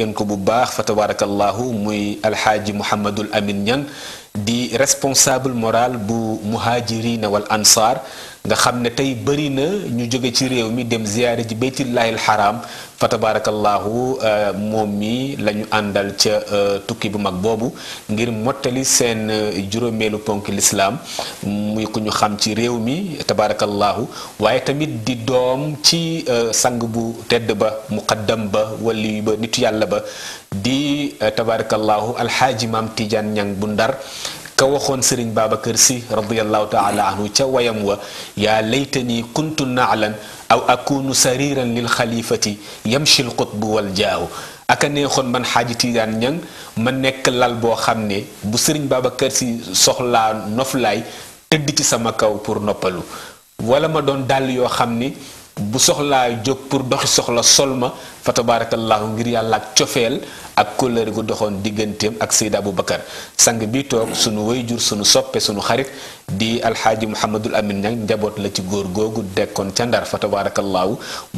ngeen ko bu baax fa tabarakallahu muy alxaaji mouhamadul amin ñan di responsable moral bu muhajirina wal ansar nga xam ne tey bëri na ñu jóge ci réew mi dem ziyaare ji beytillahil xaraam fa tabaarakallaahu euh, moom mi la ñu àndal ca euh, tukki bu mag boobu ngir mottali seen euh, juróomeelu ponk lislaam muy ku ñu xam ci réew mi tabaarakallaahu waaye tamit di doom ci sang bu tedd ba muqaddam ba wali ba nitu yàlla ba di tabaarakallaahu alxaaji maam Tidiane Niang bu ndar ka waxoon sëriñ Babacar si radiallahu taala anhu ca wayam wa yaa laytani kuntu naalan aw akunu sariran lil xalifati yamshi lqutbu wal jaaw aka neexoon man xaaji tiijaan ñang ma nekk lal boo xam ne bu sëriñ kër si soxlaa noflaay tëdd ci sama kaw pour noppalu wala ma doon dàll yoo xam ni bu soxlaa jóg pour doxi soxla sol ma fa tabaarakallaahu ngir yàlla ak cofeel ak kóllëre gu doxoon digganteem ak Seyda Aboubacar sang bi toog sunu wayjur suñu soppee suñu xarit di alxaaji Mouhamadul Amin Niang njaboot la ci góor googu dekkoon ca ndar fa tabaarakallaahu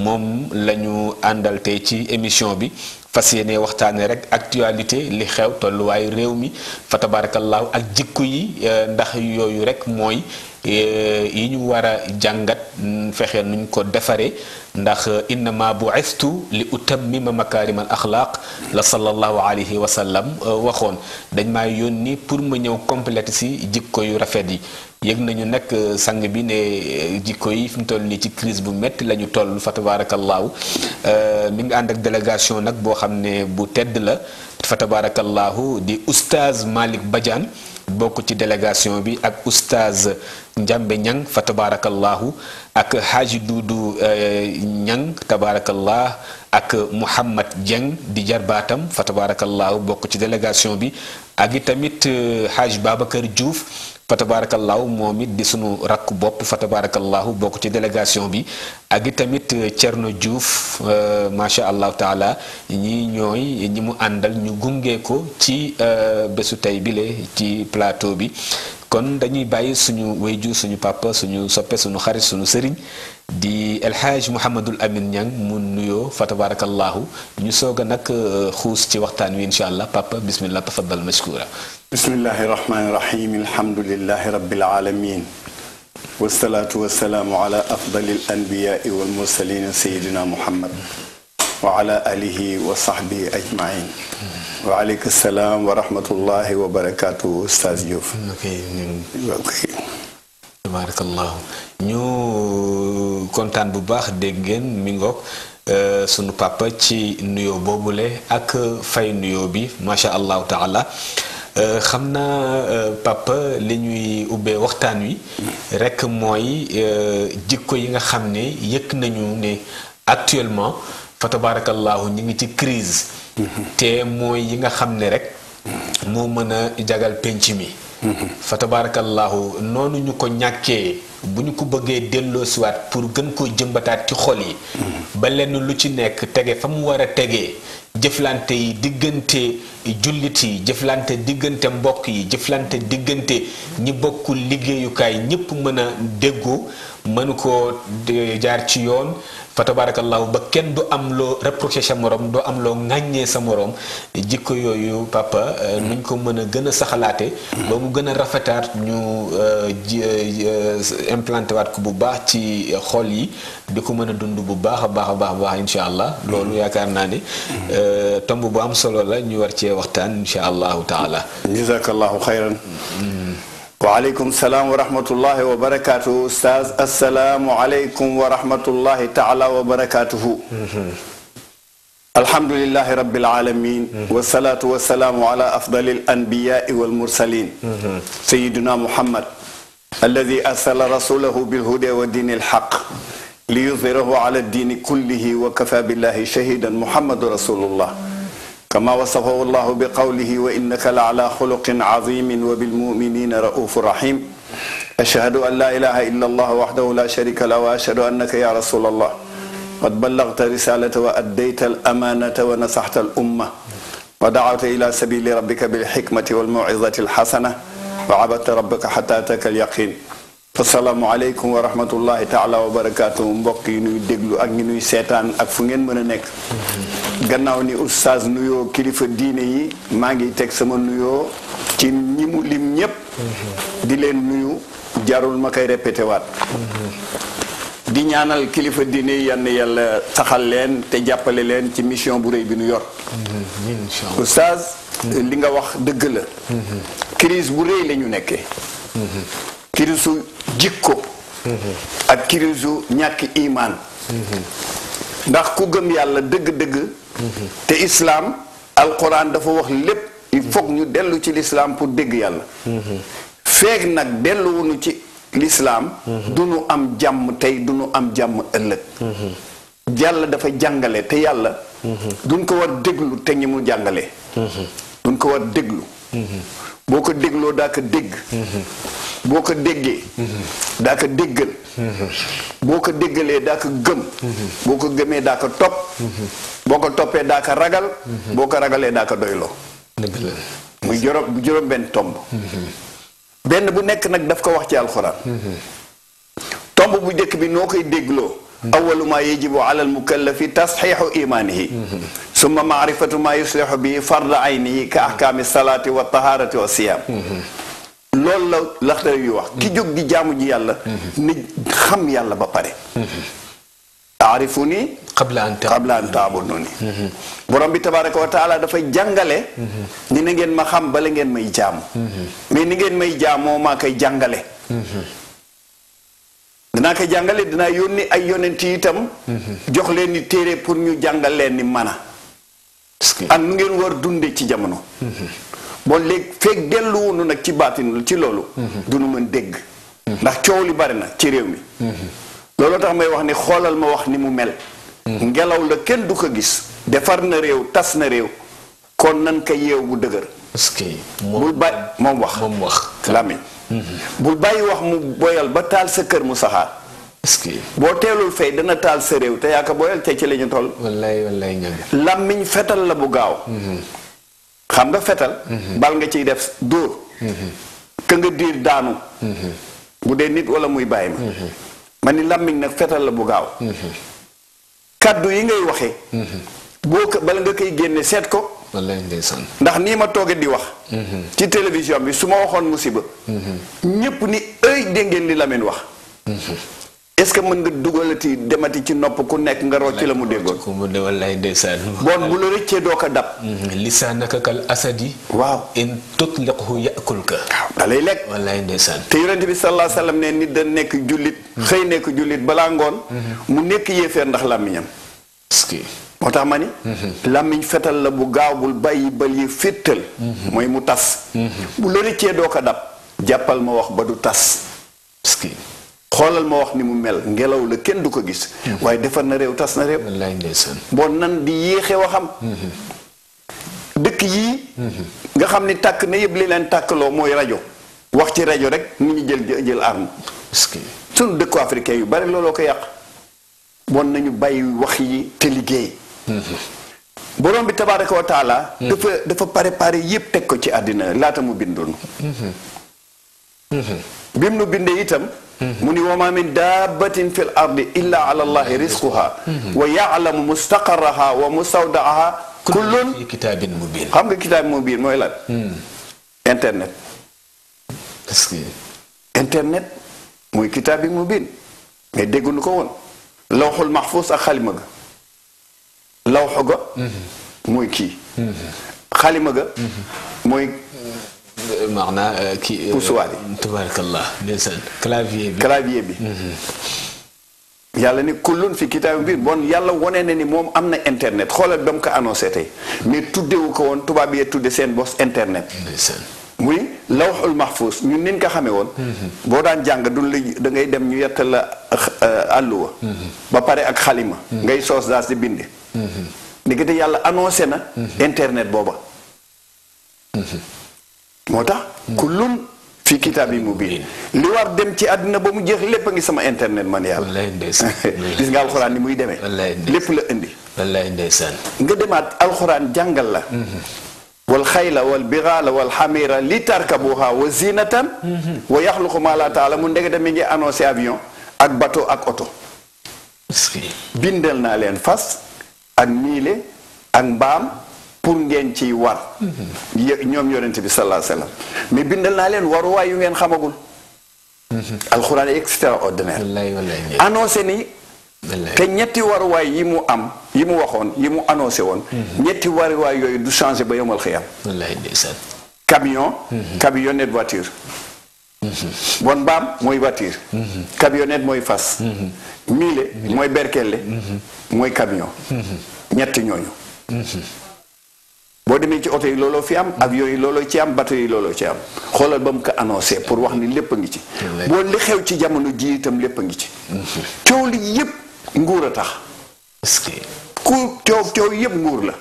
moom la ñu àndal ci émission bi fas yéene waxtaanee rek actualité li xew tolluwaayu réew mi fa tabaarakallaahu ak jikko yi eh, ndax yooyu rek mooy Euh, yi ñu war a jàngat mm, fexe nuñ ko defaree ndax euh, innama bu'istu li utammima makaarimal axlaaq la sallallahu alayhi wa sallam euh, waxoon dañ maa yónni pour ma ñëw complété si jikko yu rafet yi yëg nañu nag sang bi ne jikko yi fi mu toll nii ci crise bu métti la ñu toll fa tabaarakallaahu mi ngi ànd ak délégation nag boo xam ne bu tedd la fa tabaarakallaahu di oustaz Malick Badiane bokk ci délégation bi ak oustaz Njambe Ñang fa tabaarakallaahu ak Haji Duudu Ñang eh, tabaarakallah ak Mouhamad Dieng di jarbaatam fa tabaarakallaahu bokk ci délégation bi ak i tamit eh, Haji Babacar Diouf fa tabaarakallaahu moom it di suñu rakk bopp fa tabaarakallaahu bokk ci délégation bi ak i tamit euh, Thierno Diouf euh, macha allahu taala ñi ñooy ñi mu àndal ñu gungee ko ci euh, bésu tey bile ci plateau bi kon dañuy bàyyi suñu wayju suñu papa suñu soppe suñu xarit suñu sëriñ di El Hadj Mouhamadul Amin Niang mu nuyoo fa tabaarakallaahu ñu soog a nag xuus ci waxtaan wi incha allah papa bismillah tafaddal mashkura بسم الله الرحمن الرحيم الحمد لله رب العالمين والصلاة والسلام على أفضل الأنبياء والمرسلين سيدنا محمد وعلى آله وصحبه أجمعين وعليك السلام ورحمة الله وبركاته أستاذ يوف تبارك الله ñu kontaan bu baax dégg ngeen mi ngoog euh, sunu papa ci nuyoo boobule ak fay nuyoo bi macha allahu taala Euh, xam naa euh, papa li ñuy ubbee waxtaan wi rekk mooy euh, jikko yi nga xam ne yëkk nañu ne actuellement fa tabaarakallaahu ñu ngi ci crise mm-hmm. te mooy yi nga xam ne rekk moo mën a jagal penc mi fa tabaarakallaahu noonu ñu ko ñàkkee bu ñu ko bëggee delloosiwaat pour gën koo jëmbataat ci xol yi ba lenn lu ci nekk tege fa mu war a tegee jëflante yi diggante jullit yi jëflante diggante mbokk yi jëflante diggante ñi bokkul liggéeyukaay ñépp mën a déggoo mën koo jaar ci yoon fa tabarakallahu ba kenn du am loo reproché sa morom doo am loo ŋàññee sa moroom jikko yooyu papa euh, nuñ ko mën a gën a saxalaate gën a rafetaat ñu euh, euh, implanté waat ko bu baax ci xol yi di ko mën a dund bu baax a baax a baax a baax incha allah loolu yaakaar naa ni euh, tomb bu am solo la ñu war cee waxtaan incha allahu taala jazakallahu xayran waaleykum salaam wa rahmatullahi wa barakaatu ustaaz asalaamu aleykum wa rahmatullahi taala wa barakaatuhu الحمد لله رب العالمين والصلاة والسلام على أفضل الأنبياء والمرسلين سيدنا محمد الذي أرسل رسوله بالهدى ودين الحق ليظهره على الدين كله وكفى بالله شهيدا محمد رسول الله كما وصفه الله بقوله وإنك لعلى خلق عظيم وبالمؤمنين رؤوف رحيم أشهد أن لا إله إلا الله وحده لا شريك له وأشهد أنك يا رسول الله قد بلغت رسالة وأديت الأمانة ونصحت الأمة ودعوت إلى سبيل ربك بالحكمة والموعظة الحسنة وعبدت ربك حتى أتاك اليقين فالسلام عليكم ورحمة الله تعالى وبركاته مبقين ويدقلوا أجنوا سيطان أكفنين من نك غناوني أستاذ نيو كليف الديني ماجي تكسم نيو تين نيمو لم يب دي لين نيو جارول ما di ñaanal kilifa diine yan yàlla saxal leen te jàppale leen ci mission bu rëy bi nu yor oustaz hmm. li nga wax dëgg la hmm. crise bu rëy la ñu nekkee hmm. crise su jikko ak crise ñàkk imaan ndax ku gëm yàlla dëgg-dëgg te islaam alquran dafa wax lépp il ñu dellu ci lislaam pour dégg yàlla feeg nag delluwunu ci lislaam mhm. du nu am jàmm tey du nu am jàmm ëllëg mhm. yàlla dafa jàngale te yàlla mhm. duñ ko war déglu te ñi mu jàngale duñ ko war déglu boo ko dégloo daa ko dégg boo ko déggee daa ko déggal boo ko déggalee daa ko gëm boo ko gëmee daa ko topp boo ko toppee daa ko ragal boo ko ragalee daa ko doyloo muy juróom juróom benn tomb ben bu nek nak daf ko wax ci alquran tomb bu dekk bi nokay deglo dégloo. awalu yajibu ala almukallafi tasxiixu imanihi thumma ma'rifatu ma yuslixu bi fard aynihi ka ahkam as salati wa taharati wa siyam lol la xere yu wax. ki jóg di jamu ji yàlla. ni xam yàlla ba pare. aarifuni qabla an taabuduni borom bi tabaraka wa taala dafay jàngale ni na ngeen ma xam bala ngeen may jaamu mais ni ngeen may jaamoo maa koy jàngale dinaa koy jàngale dinaa yónni ay yonent itam jox leen ni téere pour ñu jàngal leen ni mana ak nu ngeen war dunde ci jamono bon léegi feeg delluwunu nag ci baatin ci loolu mhm. du nu mën ndax coow li bari na ci réew mi looloo tax may wax ni xoolal ma wax ni mu mel hmm. ngelaw la kenn du ko gis defar na réew tas na réew kon nan ko yeew bu dëgër bul bàyyi moom wax moom wax làmmiñ bul bàyyi wax mu boyal ba taal sa kër mu saxaar boo teelul fay dana taal sa réew te yaa ko boyal te ci la ñu toll wallaay wallaay làmmiñ fetal la bu gaaw hmm. xam nga fetal hmm. bal nga ciy def dóor ka nga diir daanu bu dee nit wala muy bàyyi ma ma ni làmmiñ nag fetal la bu gaaw mhm. kàddu yi ngay waxee mhm. boo ko bala nga koy génne seet ko ndax nii ma tooge di wax mhm. ci télévision bi su ma waxoon musiba ñépp ni ëy dégg ngeen li wax est ce que mën nga dugalati demati ci nopp ku nekk nga rocc la mu déggoon ku mu ne wallahi ndeysaan bon bu la rëccee doo ko dab mm, lisaanaka kal asadi waaw in tutliqhu yakulka da lay lekk wallahi ndeysaan te yonente bi sallallahu alayhi wasallam ne nit da nek jullit mm-hmm. xëy nekk jullit balaa ngoon mm-hmm. mu nekk yéefeer ndax làmmiñam motax mani mm-hmm. lamiñ fetal la bu gaaw bul bayyi bal yi fettal moy mu tas bu lo recce do ko dab jappal ma wax ba du tas xoolal ma wax ni mu mel ngelaw la kenn du ko gis mm-hmm. waaye defar na réew tas na réew bon nan di yéexe waxam mm-hmm. dëkk yi mm-hmm. nga xam ni tàkk na yëpp li leen tàkkaloo mooy rajo wax ci rajo rek nit ñi jël jël arme suñu dëkku yu bari looloo ko yàq bon nañu bàyyi wax yi te liggéey borom bi tabaaraka wa taala dafa dafa préparé yëpp teg ko ci àddina laata mu bindoon bi nu bindee itam mu ni wa ma min dabbatin fi l ardi illa ala allahi risquha hmm. wa yaalamu mustaqarraha wa mustawdaaha kullun fi kitaabin mubin xam nga kitaab mubin mooy lan hmm. internet parce que internet mooy kitaab bi mubin mais dégguñu ko woon lawxul maxfuus ak xalima ga lawxu ga mooy hmm. kii xalima ga mooy marna kii. Euh, pusuwaale euh, tabarakallah ndeysaan clavier bi clavier bi. Mhm. yalla ni kullun fi kitab bi bon yalla wone na ni moom am internet xoolal ba ko annoncer tey mais tuddewu ko won tubaab yee tuddé sen boss internet. oui lawxul mahfuz ñun niñ ko xamee woon. Mhm. boo daan jang duñ da ngay dem ñu yettal la euh, àlluwa. Mhm. ba paré ak khalima ngay sos daas di bind. ndekete yalla annoncer na. internet booba. moo tax kullum fi kitaab yi mu biir li war dem ci àddina ba mu jeex lépp a ngi sama internet man yàlla gis nga alxuraan ni muy demee lépp la indi wallaay ndeysaan nga demaat alxuraan jàngal la wal xayla wal biraala wal xamira li tarkabuha wa zinatan wa yaxluqu ma la taala mu ndege mi ngi annoncé avion ak bateau ak oto bindal naa leen fas ak niile ak mbaam pour ngeen ci war ñoom yonent bi sallallahu alayhi wa sallam mais bindal naa leen waruwaay yu ngeen xamagul alxuraan extraordinaire annoncé ni te ñetti waruwaay yi mu am yi mu waxoon yi mu annoncé woon mhm. ñetti waruwaay yooyu du changé ba yomal xëyam camion mhm. camionnette voiture mhm. bon mbaam mooy voiture camionnette mooy fas miile mooy berkelle mooy camion ñetti ñooñu boo demee ci oto yi looloo fi am avion yi looloo ci am bateau yi looloo ci am xoolal ba mu ko annoncé pour wax ni lépp a ngi ci boo li xew ci jamono jiitam lépp a ngi ci coow li yépp nguur a tax ku coow coow yépp nguur la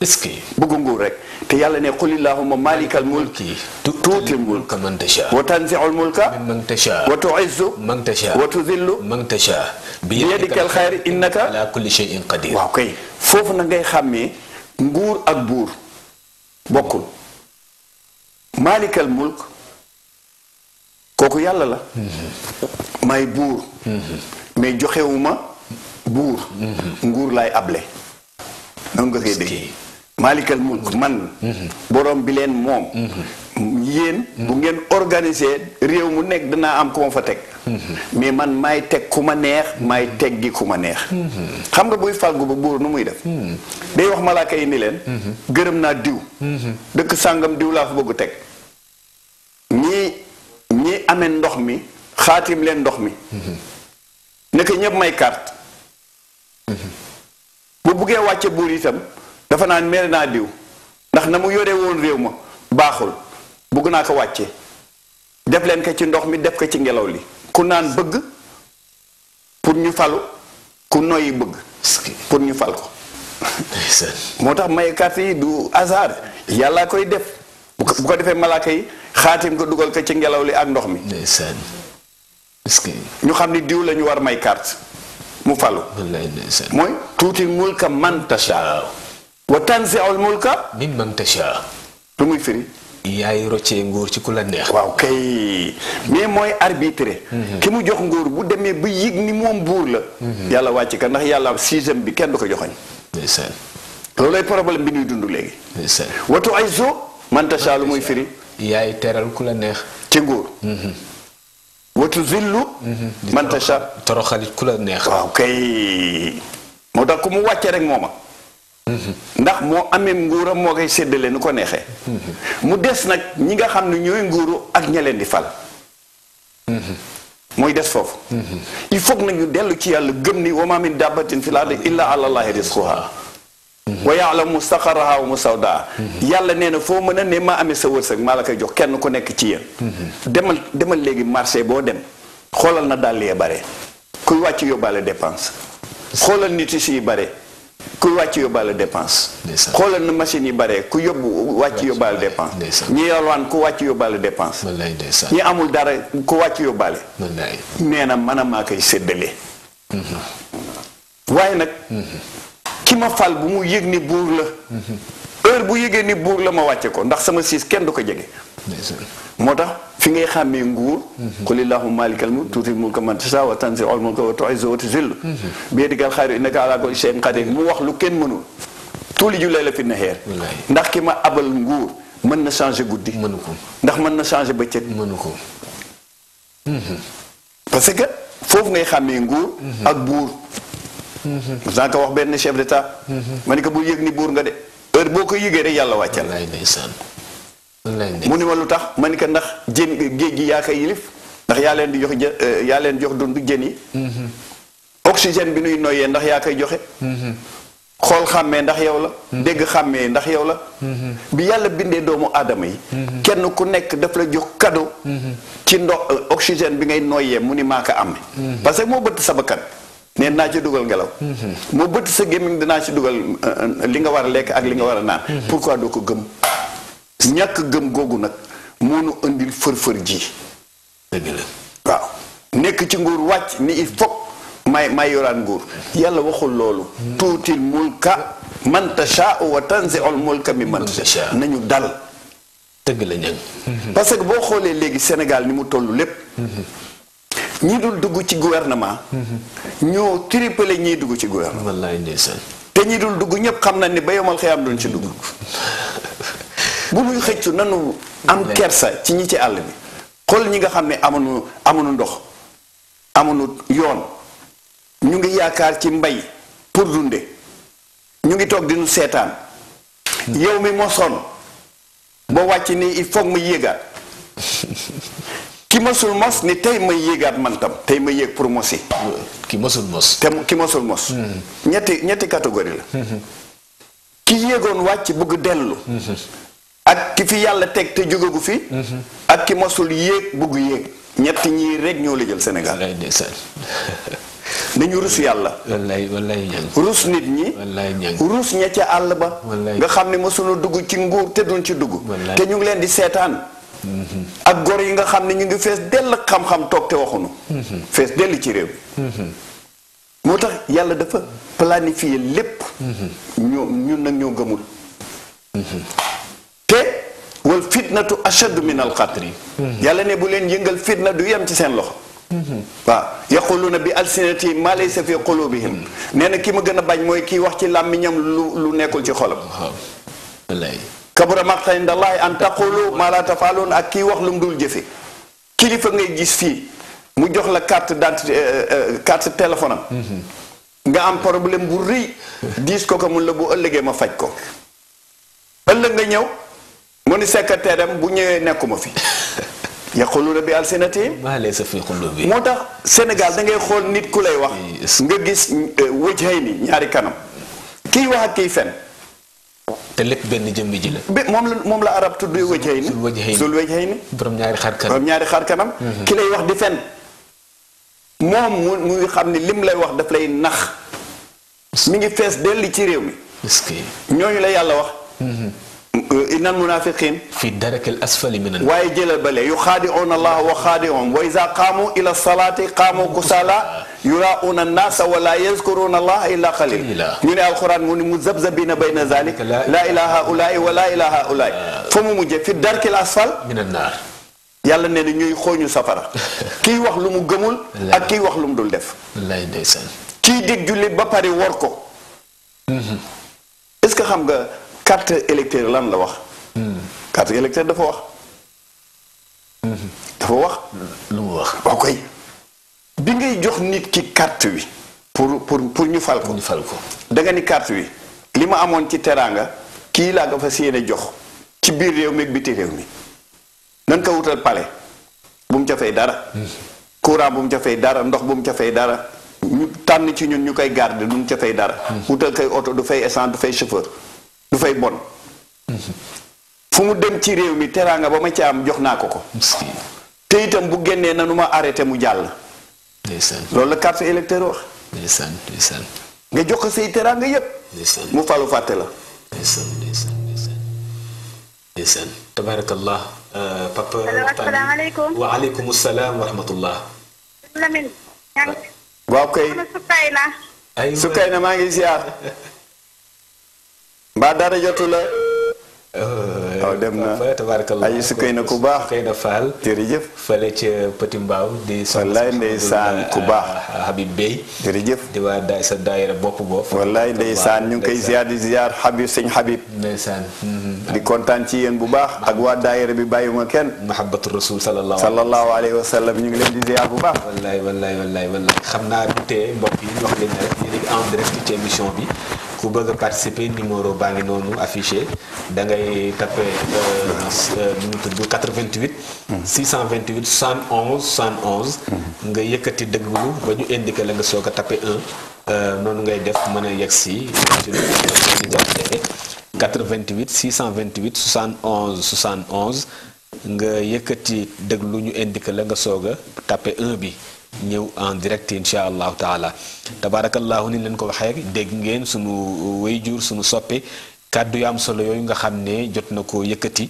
est-ce que bëgg nguur rek te yàlla ne qul illahumma malikal mulki tuutil mulka man tasha wa tanzi'ul mulka mimman tasha wa tu'izzu man tasha wa tudhillu man tasha bi yadikal khayr innaka ala kulli waaw kay foofu na ngay xàmmee نقول أكبر بكل مالك الملك كوكو يالا لا ماي بور مي جوخيوما بور نقول لاي ابلي نونغو مالك الملك من بروم بلين موم yéen. bu ngeen organiser réew mu nekk danaa am ku ma fa teg. mais man maay teg ku ma neex maay teggi ku ma neex. xam nga buy fàggu ba buur nu muy def. day wax ma laa yi ni leen. gërëm naa diw. dëkk sàngam diw laa fa bëgg teg. ñii ñii amee ndox mi xaatim leen ndox mi. nekk ñëpp may carte. bu buggee wàcce buur itam dafa naan mere naa diw ndax na mu yore woon réew ma baaxul. bugg naa ko wàcce def leen ko ci ndox mi def ko ci ngelaw li ku naan bëgg pour ñu falu ku noyyi bëgg pour ñu fal ko moo tax may carte yi du hasard yàlla koy def bu ko defee malaaka yi xaatim ko dugal ko ci ngelaw li ak ndox mi ñu xam ni diw lañu war may carte mu falu mooy tuuti mulka man tasha wa tanzi'ul mulka mimman tasha lu muy firi yaay roccee nguur ci ku la neex. waaw kay mais mooy arbitré. Mhm. ki mu jox nguur bu demee ba yëg ni moom buur la. Mhm. yàlla wàcc ka ndax yàlla sixième bi kenn du ko joxoñ. ndeysaan. loolay problème bi ñuy dund léegi. ndeysaan watu ay zoo. man tasha lu muy firi. yaay teral ku la neex. ci nguur. Mhm. watu zillu. man toroxalit ku la neex. waaw kay. moo tax ku mu wàcce rek mooma. ndax moo amee nguuram moo koy séddale nu ko neexee. mu des nag ñi nga xam ne ñooy nguuru ak ña leen di fal. mooy des foofu. il faut nag ñu dellu ci yàlla gëm ni wa maa min dabbatin fil ardi illaa alaa llaahi rizquhaa wa yaalamu mustaqarrahaa wa mustawdaa yàlla nee na foo mën a ne ma amee sa wërsëg maa la koy jox kenn ku nekk ci yéen. demal demal léegi marché boo dem xoolal na dàll yee bare kuy wàcc yóbbaale dépense. xoolal nit yi si bare. ku wàcc yóbbaale dépense. xoolal na machine yi bare ku yóbbu wàcc yóbbaale dépense. ñi yalwaan ku wàcc yóbbaale dépense. ñi amul dara ku wàcc yóbbaale. nee na man maa koy séddale. Mhm. waaye nag. Mhm. ki ma fal bu mu yëg ni buur la. Mhm. heure bu yëgee ni buur la ma wàcce ko ndax sama siis kenn du ko jege. moo tax fi ngay xàmmee nguur xulillahu maalikal mulk tuutil mulka man tasaa wa tanzi'ul mulka wa tu'izzu wa tuzillu biyadikal khayru innaka ala kulli shay'in qadir mu wax lu kenn mënul tuuli ju layla fi naheer ndax ki ma abal nguur mën na changer guddi mënu ko ndax mën na changer bëccëg mënu ko parce que foofu ngay xàmmee nguur ak buur saa ko wax benn chef d'état mhm. ma ni ko bul yëg ni buur nga de heure boo ko yëgee rek yàlla wàccal mu ni ma lu tax ma ni ko ndax jën géej gi yaa koy yilif ndax yaa leen di jox jë euh, yaa leen jox dund jën yi. Mm-hmm. oxygène bi nuy noyee ndax yaa koy joxe. Mm-hmm. xool xàmmee ndax yow la. Mm-hmm. dégg xàmmee ndax yow la. bi yàlla bindee doomu aadama yi. kenn ku nekk daf la jox kaddu ci ndox euh, oxygène bi ngay noyee mu ni maa ko am. parce que moo bëtt sa bakkan neen naa ci dugal ngelaw. moo bëtt sa gémmiñ dinaa ci dugal euh, li nga war a lekk ak li nga war a naan. pourquoi doo ko gëm. ñàkk gëm googu nag moo nu indil fër-fër ji. dëgg waaw nekk ci nguur wàcc ni il faut may may yoraan nguur yàlla waxul loolu. tuutil mulka man tashaa'u wa tanzi'ul mulka mimman nañu dal. dëgg la ñëw. parce que boo xoolee léegi senegal ni mu toll lépp. ñi dul dugg ci gouvernement. ñoo triplé ñiy dugg ci gouvernement. wallaay ndeysaan. te ñi dul dugg ñëpp xam nañ ne ba yomal xëyam duñ ci dugg. bu muy xëccu nanu am kersa ci ñi ci àll bi xool ñi nga xam ne amuñu amuñu ndox amuñu yoon ñu ngi yaakaar ci mbay pour dunde ñu ngi toog dinu seetaan hmm. yow mi mosoon boo wàcc ni il faut ma yéegaat ki mosul mos ni tey ma yéegaat man tam tey ma yéeg pour mosi ki mosul mos te ki mosul mos hmm. ñetti ñetti catégorie la hmm. ki yéegoon wàcc bëgg dellu ak ki fi yàlla teg te jógagu fi. Mhm. ak ki masul yéeg bugg yéeg. ñett ñii rek ñoo la jël Sénégal. nañu rus yàlla. wallaay wallaay rus nit ñi. rus ña ca àll ba. nga xam ne mosuñu dugg ci nguur te duñ ci dugg. te ñu ngi leen di seetaan. Mhm. ak gor yi nga xam ne ñu ngi fees dell xam-xam toog te waxunu mhm. fees dell ci réew. moo tax yàlla dafa planifier lépp. ñu ñun nag ñoo gëmul. te wal fitnatu ashadu min al yàlla ne bu leen yëngal fitna du yem ci seen loxo waaw yaquluna bi alsinatihim maa laysa fi na ki ma gën a bañ mooy kii wax ci làmmiñam lu lu nekkul ci xolam kabura maqtan indallahi an taqulu maa ak kii wax lu mu dul jëfe kilifa ngay gis fii mu jox la carte d'identité euh, euh, carte téléphone am mhm. nga am problème bu rëy diis ko ko mun la bu ëllëgee ma faj ko ëllëg nga ñëw mu ni secrétaire bu ñëwee nekkuma fi yaquluuna bi alsinatihim maa laysa fi quluubihim moo tax Sénégal da ngay xool nit ku lay wax nga gis euh, wajhayni ñaari kanam kiy wax ak kiy fen te lépp benn jëmm ji moom la moom la arab tudd wajhayni borom ñaari xar kanam ñaari xar kanam. Mm-hmm. ki lay wax di fen moom mu mu xam ni lim lay wax daf lay nax. mi ngi fees dell ci réew mi. ñooñu la yàlla wax. Mm-hmm. Euh, innal munafiqin fi darakil asfali minan waaye jëlal bale yu xaadi'uuna allah wa xaadi'uhum wa iza qaamu ila salaati qaamu kusala yuraa'uuna annaasa wa la yazkuruuna allah illa qalil ñu ne alquran mu ni mu zabzabina bayna zalik la ila haulaai wa la ila haulaai fa mu mujje fi darkil asfal minan naar yàlla nee na ñuy xooñu safara kiy wax lu mu gëmul ak kiy wax lu mu dul def kiy dégg julli ba pare wor ko mhm. est-ce que xam nga carte électeur lan la wax. carte électeur dafa wax. dafa wax. lu mu wax waaw koy bi ngay jox nit ki carte wi. pour pour pour ñu fal ko. ñu fal ko da nga ni carte wi. li ma amoon ci teraanga kii laa nga fa séene jox. ci biir réew mi ak biti réew mi. nan ko wutal palais. bu mu ca fay dara. courant bu mu ca fay dara ndox bu mu ca fay dara. ñu tànn ci ñun ñu koy garder du mu ca fay dara. Hmm. wutal koy oto du fay essence du fay chauffeur. du fay bon fu mu dem ci réew mi teraanga ba ma ci am jox naa ko ko te itam bu génnee na nu ma arrêté mu jàll loolu la carte électeur wax nga jox ko say teraanga yépp mu falu fàtte la ndeysaan tabarakallah euh, papa asalaamaaleykum waaleykum salaam wa rahmatullah Lamine waaw maa ngi ziar mbaa dara jotu la. waaw euh, dem na ay su kay na ku baax kay na faal jërëjëf fële ca Petit Mbaaw di wallaay ndeysaan ku euh, baax Habib Bey jërëjëf di waa daay sa daayira bopp bopp wallaay ndeysaan ñu ngi koy ziar di ziar Habib sëñ Habib mhm. di kontaan ci yéen bu baax ak waa daayira bi bàyyiwuma kenn mahabatu rasul sallallahu alayhi wa sallam ñu ngi leen di ziar bu baax wallaay wallaay wallaay wallaay xam naa tey mbokk yi ñu wax leen rek yéen a ngi ci émission bi ku bëgg participer numéro baa ngi noonu affiché da ngay tapé euh, euh, nu tudd 88 628 71 71 nga yëkkati dëgglu ba ñu indiqué la nga soog a tapé 1 euh, noonu ngay def mën a yegg si ci 88 628 71 71 nga yëkkati dëgglu ñu indiqué la nga soog a tapé 1 bi ñëw en direct incha allahu taala tabarakallahu ni leen ko waxee dégg ngeen sunu wayjur sunu soppee kàddu yu am solo yooyu nga xam ne jot na ko yëkkati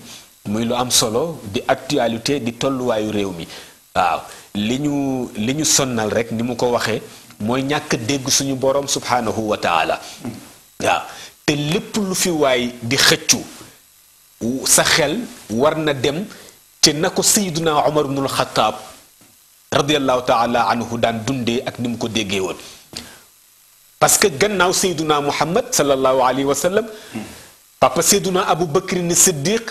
muy lu am solo di actualité di tolluwaayu réew mi waaw li ñu li ñu sonnal rek ni mu ko waxee mooy ñàkk dégg suñu borom subhaanahu wa taala waaw te lépp lu fi waay di xëccu sa xel war na dem te na ko naa Omar ibnul Xataab رضي الله تعالى عنه دان دوندي اك نيمكو ديغيوون باسكو غناو سيدنا محمد صلى الله عليه وسلم بابا سيدنا ابو بكر الصديق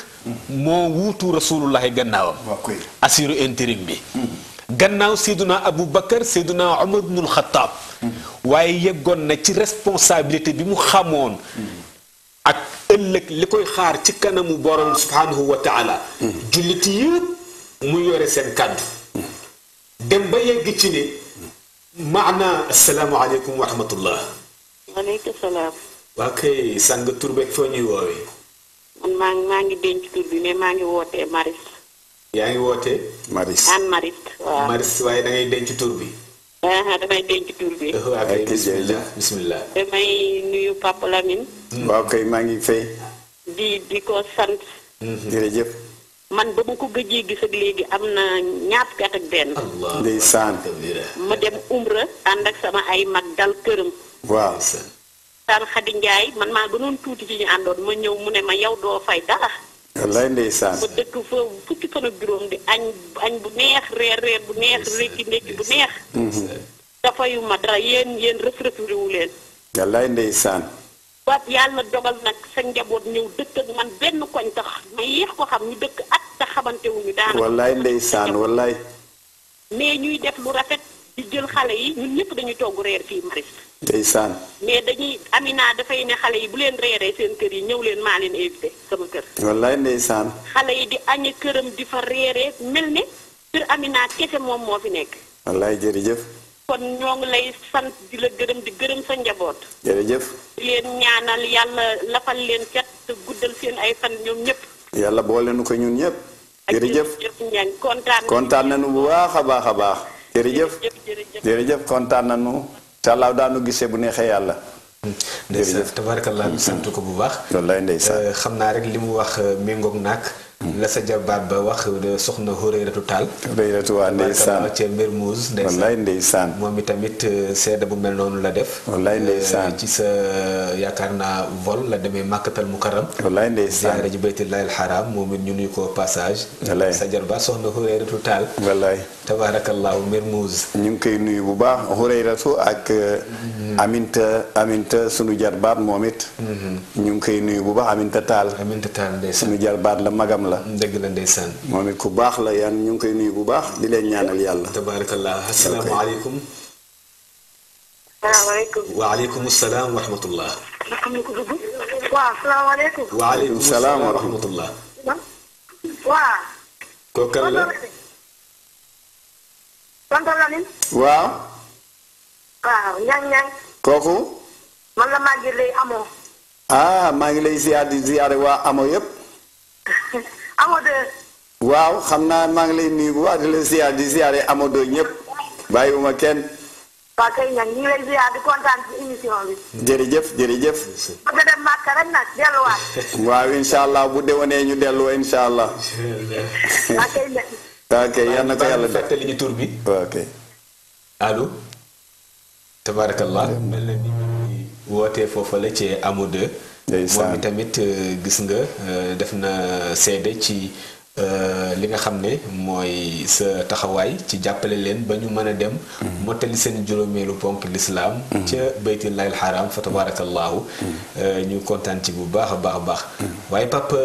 مو ووتو رسول الله غناو اسيرو انتريم بي غناو سيدنا ابو بكر سيدنا عمر بن الخطاب واي ييغون نا تي ريسبونسابيلتي بيمو خامون اك الك ليكوي خار تي كانامو بوروم سبحانه وتعالى جوليتي مو يوري سين كادو dem ba yegg ci ne maana asalaamualeykum wa rahmatullah. maaleykum salaam. waa kay sàng tur foo ñuy woowee. man maa ngi maa ngi denc tur bi maa ngi wootee Maris. yaa ngi wootee. Maris an Maris waaye da ngay denc tur bi. damay denc tur bi. waaw kay bisimilah bisimilah. damay nuyu Papa Lamine. waaw kay maa ngi fay. di di ko sant. Mhm. jërëjëf. man ba ma ko gëjee gis ak léegi am na ñaar fukki ak benn. ndeysaan ma dem umra ànd ak sama ay mag dal këram. waaw. saan Xadi Njaay man maa gënoon tuuti ci ñu àndoon ma ñëw mu ne ma yow doo fay dara. wallaay ndeysaan. ma dëkk fa fukki fan ak juróom di añ añ bu neex reer reer bu neex rékki ndékki bu neex. Mhm. dafayu ma dara yéen yéen rëf rëf riwu leen. wallaay ndeysaan. ba yàlla dogal nag sa njaboot ñëw dëkk man benn koñ tax ma yéex ko xam ñu dëkk at te xamante wuñu daanaka. wallaay ndeysaan wallaay. mais ñuy def lu rafet di jël xale yi ñun ñëpp dañuy togg reer fii Maris. ndeysaan. mais dañuy Amina dafay ne xale yi bu leen reeree seen kër yi ñëw leen maa leen invité sama kër. wallaay ndeysaan. xale yi di añe këram di fa reeree mel ne kër Amina kese moom moo fi nekk. wallaay jërëjëf. kon ñoo ngi lay sant di la gërëm di gërëm sa njaboot. jërëjëf. di leen ñaanal yàlla lafal leen cat guddal seen ay fan ñoom ñëpp. yàlla boole ko ñun ñëpp. jërëjëf kontaan nañu kontaan bu baax a baax a baax. jërëjëf jërëjëf kontaan nañu. incha allah daanu gisee bu neexee yàlla. jërëjëf ndeysaan tabaarakallah sant ko bu baax. wallaay ndeysaan euh, xam naa rek li mu wax euh, méngoog naag. la sa jabaat ba wax soxna Hourayratu Taal. Hourayratu waa ndeysaan ma ca Mermoz. wallaay ndeysaan moom itamit euh, seede bu mel noonu la def. wallaay euh, ndeysaan ci sa euh, yaakaar naa vol la demee Makkatal Mukarram. wallaay ndeysaan ziyaara ji Baytullahi al-Haram moom ñu nuyu ko passage. wallaay sa jabaat soxna Hourayratu Taal. wallaay tabaarakallaahu Mermoz. ñu ngi koy nuyu bu baax Hourayratu ak. Mm-hmm. Aminta Aminta sunu jarbaat moom it. Mm-hmm. ñu ngi koy nuyu bu baax Aminta Taal. sunu jarbaat la magam la dëgg la ndeysaan moom ku baax la yan ñu koy nuyu bu baax di leen ñaanal yàlla tabaarakallah asalaamaaleykum salaamaaleykum waaleykum salaam wa rahmatullah waaw salaamaaleykum waaleykum salaam wa rahmatullah waaw kookal la tonton Lamine waaw waaw ñang ñang kooku man la maa lay amoo ah lay waaw xam naa maa ngi lay nuyu bu baax di la ziar di ziare Amady ñëpp bàyyiwuma kenn. waaw kay ña ñu ngi lay ziar waaw incha allah bu déwénee ñu delluwa incha allah. ok yal na ko yàlla def ok allo. tabaarakallah wootee foofa la ci Amady. moom itamit euh, gis nga euh, def na seede ci euh, li nga xam ne mooy sa taxawaay ci jàppale leen ba ñu mën a dem mm-hmm. mottali seen juróomeelu ponk lislaam mm-hmm. ca baytullahil haram fa tabarakallahu mm-hmm. ñu kontaan ci bu baax a baax a baax waaye papa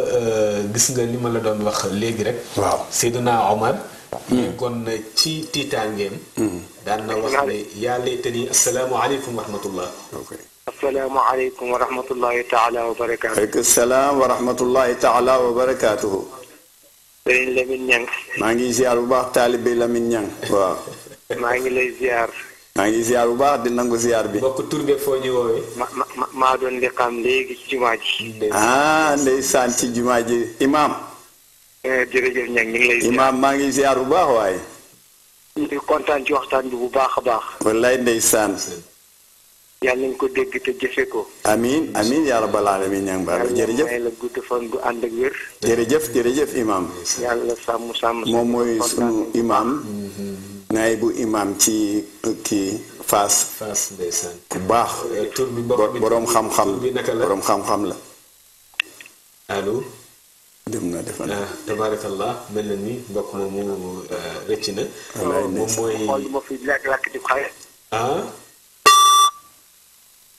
gis nga li ma la doon wax léegi rek waaw Seydina Omar kon ci tiitaangeem daan na wax ne yaa laytani assalaamu aleykum wa rahmatullah asalaamaaleykum wa rahmatullahi taala wa barakaatu. waaleykum salaam wa rahmatullahi taala maa ngi ziar bu baax taalibe Lamine Niang waaw. ngi lay ziar. maa ngi ziar bu baax di nangu ziar bi. bokk tur be foo ñu woowee. ma ma maa doon liqaam léegi ci ah, ci jumaa ji imaam. Eh, ngi lay imaam maa ngi ziar bu baax waaye. ñu ngi ci waxtaan bi bu baax a baax. wallaay ndeysaan. yàlla nañ ko dégg te jëfe ko. amiin amiin yaa rabbal aalamiin yàlla may la gudd fan gu ànd ak wér. jërëjëf jërëjëf imaam. yàlla sàmm sàmm. moom mooy sunu imaam. naay bu imaam ci kii Fass. Fass baax. Eh, tur bi borom xam-xam borom xam-xam la. allo. dem na defal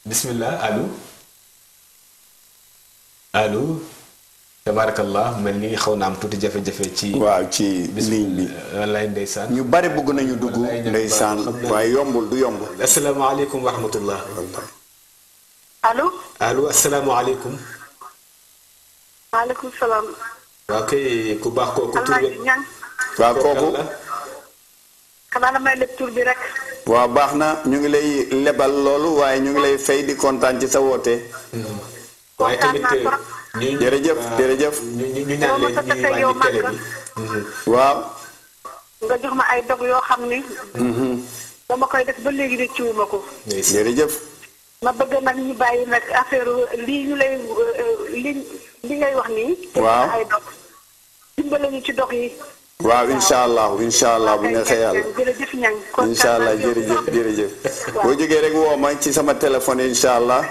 bismillah allo allo tabaarakallah mel ni xaw na am tuuti jafe-jafe ci. waaw ci ligne bi wallaay ndeysaan. ñu bari bëgg nañu dugg. ndeysaan waaye yombul du yomb. asalaamaaleykum wa rahmatullah. allo. ku baax kooku. tur waaw kooku. xanaa damay leb bi rek. waaw baax na ñu ngi lay lebal loolu waaye ñu ngi lay fay di kontaan ci sa woote. waaye tamit waaw. nga jox ma ay dog yoo xam ni. Mm-hmm. dama ba léegi ciwuma ko. jërëjëf. ma bëgg nag ñu bàyyi nag affaire lii ñu lay euh, euh, li ngay wax nii. waaw ay dimbale ñu ci dox yi. waaw incha allah incha allah bu neexee yàlla incha allah jërëjëf jërëjëf boo jógee rek woo ma ci sama téléphone incha allah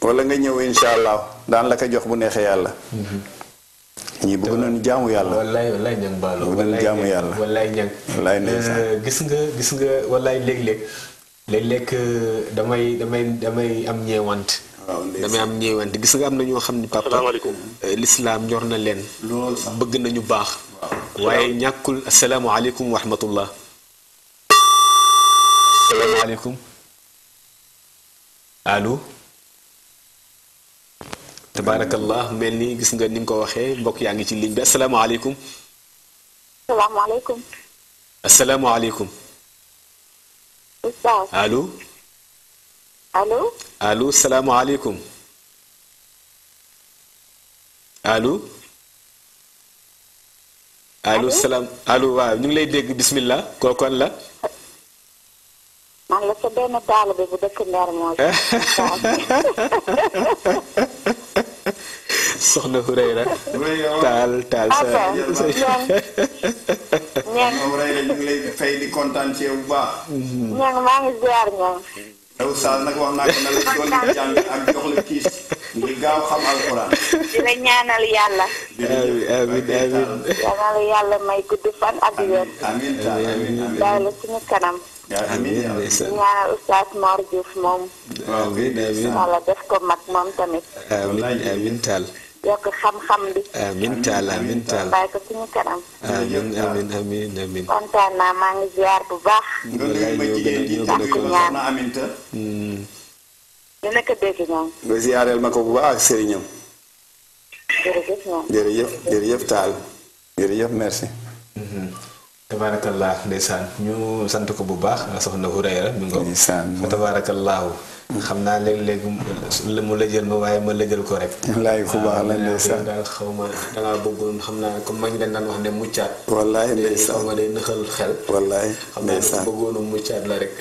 wala nga ñëw incha allah daan la ko jox bu neexee yàlla. Mhm. ñii bëgg nañu jaamu yàlla. wallaay wallaay ñang baalo bëgg nañu jaamu yàlla wallaay ñang euh, gis nga gis nga wallaay léeg-léeg léeg-léeg euh, damay damay damay am ñeewant. damay am ñeewante gis nga am na ñoo xam ne papa eh, lislaam ñor na leen bëgg nañu baax waaye ñàkkul asalaamaaleykum wa rahmatullah asalaamaaleykum allo tabaarakallah mel ni gis nga ni nga ko waxee mbokk yaa ngi ci ligne bi asalaamaaleykum asalaamaaleykum asalaamaaleykum allo allo allo salaamaaleykum allo. allo salaam allo waaw ñu ngi lay dégg bismillah kookoon la. la soxna Hurayra taal taal sa ñeeng mm-hmm. maa ngi ziar ñoom. Oustaz la ñaanal yàlla. amiin ñaanal yàlla may gudd fan ak wér. amiin la suñu kanam. ñaanal Oustaz Mor Diouf moom. waaw amiin taal. yokk xam-xam bi. amiin taal amiin taal. bàyyi ko suñu kanam. amiin maa ngi ziar bu baax. nga léegi mm. ma ko bu baax ak sëriñam. jërëjëf ñoom. taal. jërëjëf merci. Mm-hmm. tabaarakallah ndeysaan ñu sant ko bu baax soxna Hurayra mi ngi ko. ndeysaan fa tabaarakallaahu xam naa léeg-léeg mu lëjël ma waaye ma lëjël ko rek. wallaay ku baax la ah, ndeysaan daal xaw ma dangaa bëggoon xam naa comme ma ñu leen daan wax ne muccaat. wallaay ndeysaan xaw ma day nëxal xel. wallaay ndeysaan xam naa bëggoon la rek.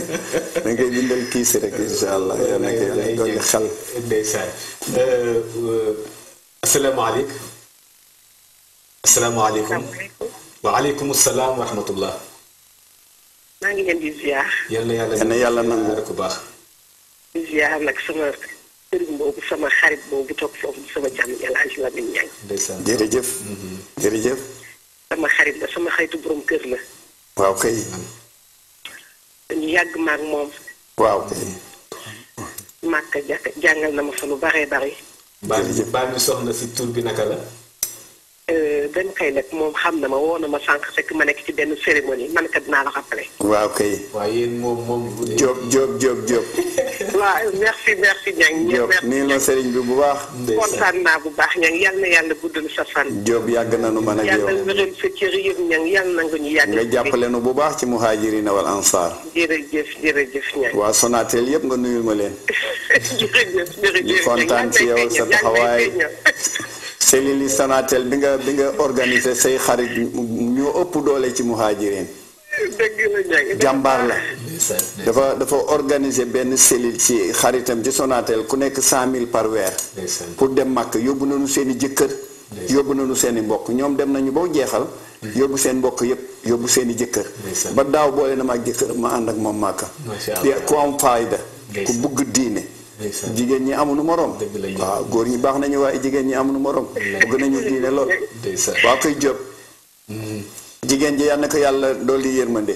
da ngay bindal kiis rek incha allah. yal na koy yal na xel. ndeysaan. Euh, euh, asalaamaaleykum. asalaamaaleykum. waaleykum salaam wa rahmatullah. maa ngi leen di ziar. yal na yàlla nangu ku baax. di ziar nag sama sama xarit boobu toog foofu sama jàmm El mm-hmm. la sama xaritu borom kër la. waaw kay. dañu yàgg maag moom. waaw kay. màkk jàngal na ma fa lu bare bare. jërëjëf baal mi soxna si tur bi naka la. dañ euh, koy nag moom xam na ma woon na ma sànq fekk ma nekk ci benn cérémonie man kat dinaa la rappelé. waaw kay. waaw yéen moom moom. Diop Diop Diop Diop. waaw merci merci Niang. Diop na sëriñ bu baax. kontaan naa bu baax Niang yal yàlla guddal sa fan. Diop yàgg na nu mën ak yow yàlla wéral sa ñu yàgg. nga jàppale nu bu baax ci muhaajirina wal ansaar. jërëjëf jërëjëf Niang. waa Sonatel yëpp nga nuyul ma leen. jërëjëf kontaan ci sa taxawaay yi Sonatel bi nga bi nga organisé say xarit ñoo ëpp doole ci muhajirin jàmbaar la dafa dafa organiser benn cellule ci xaritam ci Sonatel ku nekk cent mille par weer pour dem màkk yóbbu nañu seen i jëkkër yóbbu nañu seen i mbokk ñoom dem nañu boo jeexal mm-hmm. yóbbu seen mbokk yépp yóbbu seen i jëkkër ba daaw boole na ma ak jëkkër ma ànd ak moom màkk ku am faayda ku bugg diine jigéen ñi amuñu morom. waaw góor ñi baax nañu waaye jigéen ñi amuñu morom. bëgg nañu diine lool. waa koy jóg. jigéen ji yal na ko yàlla dolli yërmande.